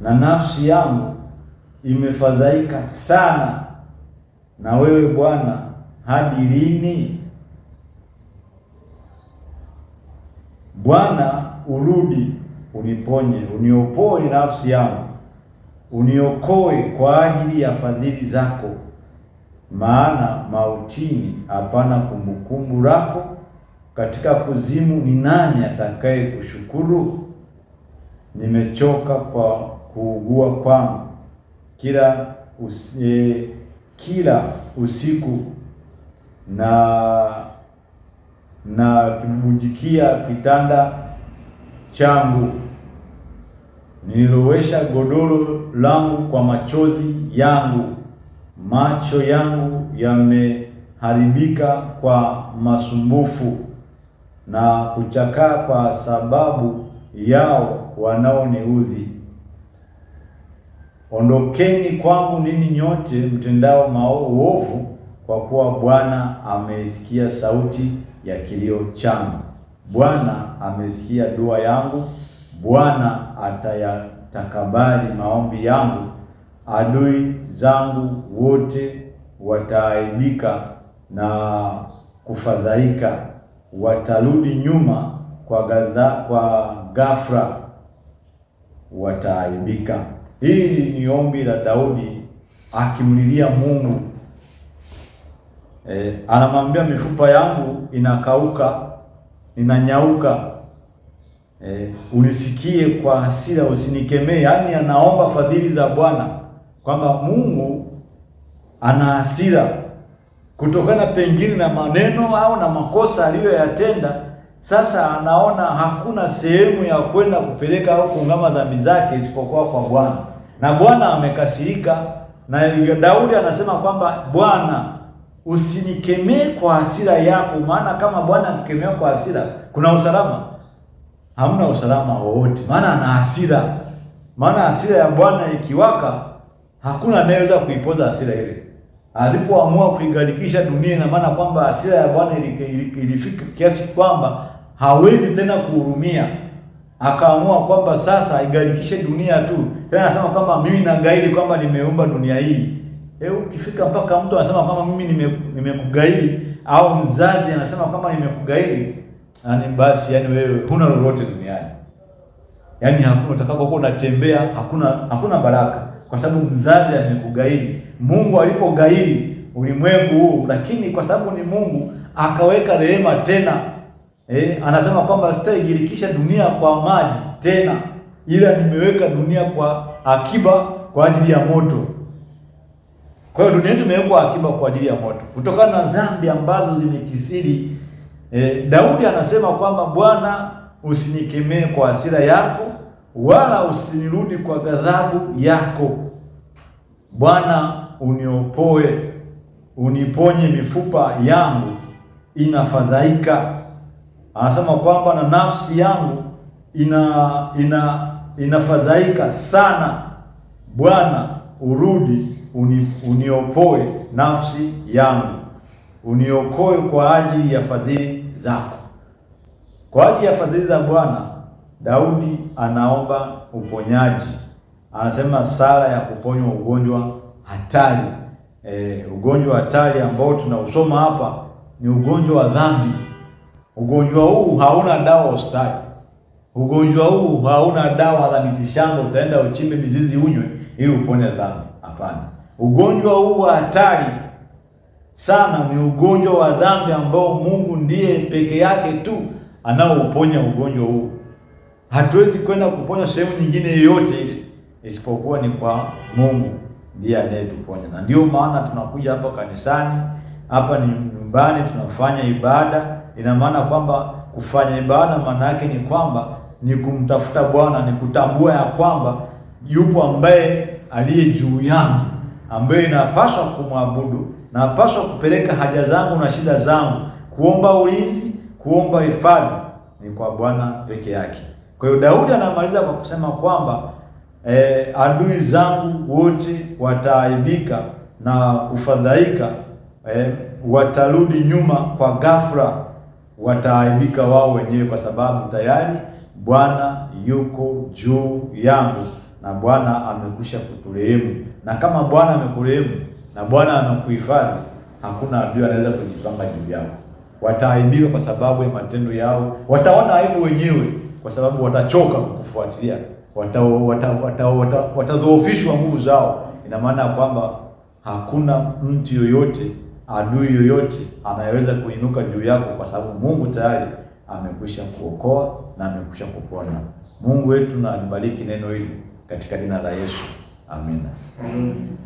na nafsi yangu imefadhaika sana na wewe Bwana, hadi lini? Bwana, urudi uniponye, uniopoe nafsi yangu, uniokoe kwa ajili ya fadhili zako, maana mautini hapana kumbukumbu lako, katika kuzimu ni nani atakaye kushukuru? Nimechoka kwa kuugua kwangu kila usi, e, kila usiku na na kibubujikia kitanda changu, nililowesha godoro langu kwa machozi yangu. Macho yangu yameharibika kwa masumbufu na kuchakaa kwa sababu yao wanaoniudhi ondokeni kwangu ninyi nyote mtendao maovu, kwa kuwa Bwana ameisikia sauti ya kilio changu. Bwana amesikia dua yangu. Bwana atayatakabali maombi yangu. Adui zangu wote wataaibika na kufadhaika, watarudi nyuma kwa ghadha, kwa ghafla wataaibika. Hili ni ombi la Daudi akimlilia Mungu. Eh, anamwambia mifupa yangu inakauka, inanyauka. Eh, unisikie kwa hasira, usinikemee. Yaani anaomba fadhili za Bwana kwamba Mungu ana hasira kutokana pengine na maneno au na makosa aliyoyatenda sasa anaona hakuna sehemu ya kwenda kupeleka au kuungama dhambi zake isipokuwa kwa Bwana, na Bwana amekasirika. Na Daudi anasema kwamba Bwana, usinikemee kwa hasira yako, maana kama Bwana akikemea kwa hasira, kuna usalama? Hamna usalama wowote, maana ana hasira. Maana hasira ya Bwana ikiwaka, hakuna anayeweza kuipoza hasira ile alipoamua kuigalikisha dunia, ina maana kwamba hasira ya Bwana ilifika kiasi kwamba hawezi tena kuhurumia, akaamua kwamba sasa aigarikishe dunia tu. Tena anasema kwamba mimi nagairi kwamba nimeumba dunia hii. Eh, ukifika mpaka mtu anasema kwamba mimi nimekugairi, au mzazi anasema kwamba nimekugairi, yani basi, yani wewe huna lolote duniani, yani hakuna utakapokuwa unatembea, hakuna hakuna baraka kwa sababu mzazi amekugaili Mungu alipogaili ulimwengu huu, lakini kwa sababu ni Mungu akaweka rehema tena. Eh, anasema kwamba sitaigirikisha dunia kwa maji tena, ila nimeweka dunia kwa akiba kwa ajili ya moto. Kwa hiyo dunia yetu imewekwa akiba kwa ajili ya moto kutokana na dhambi ambazo zimekithiri. Eh, Daudi anasema kwamba Bwana usinikemee kwa hasira yako wala usinirudi kwa ghadhabu yako. Bwana uniopoe, uniponye, mifupa yangu inafadhaika. Anasema kwamba na nafsi yangu ina ina inafadhaika sana. Bwana urudi, uni, uniopoe nafsi yangu, uniokoe kwa ajili ya fadhili zako. Kwa ajili ya fadhili za Bwana Daudi anaomba uponyaji, anasema sala ya kuponywa ugonjwa hatari. E, ugonjwa hatari ambao tunausoma hapa ni ugonjwa wa dhambi. Ugonjwa huu hauna dawa hospitali, ugonjwa huu hauna dawa za mitishamba, utaenda uchimbe mizizi unywe ili uponye dhambi. Hapana, ugonjwa huu wa hatari sana ni ugonjwa wa dhambi ambao Mungu ndiye peke yake tu anaouponya ugonjwa huu. Hatuwezi kwenda kuponya sehemu nyingine yoyote ile isipokuwa ni kwa Mungu, ndiye anayetuponya. Na ndio maana tunakuja hapa kanisani, hapa ni nyumbani, tunafanya ibada. Ina maana kwamba kufanya ibada maana yake ni kwamba ni kumtafuta Bwana, ni kutambua ya kwamba yupo ambaye aliye juu yangu, ambaye inapaswa kumwabudu, napaswa kupeleka haja zangu na shida zangu, kuomba ulinzi, kuomba hifadhi ni kwa Bwana peke yake. Kwa hiyo Daudi anamaliza kwa kusema kwamba e, adui zangu wote wataaibika na kufadhaika, e, watarudi nyuma kwa ghafla, wataaibika wao wenyewe, kwa sababu tayari Bwana yuko juu yangu na Bwana amekwisha kukurehemu. Na kama Bwana amekurehemu na Bwana amekuhifadhi, hakuna adui anaweza kujipanga juu yako. Wataaibika kwa sababu ya matendo yao, wataona aibu wenyewe kwa sababu watachoka kufuatilia, watadhoofishwa nguvu zao. Ina maana ya kwamba hakuna mtu yoyote, adui yoyote anayeweza kuinuka juu yako, kwa sababu Mungu tayari amekwisha kuokoa na amekwisha kupona. Mungu wetu na alibariki neno hili katika jina la Yesu, amina.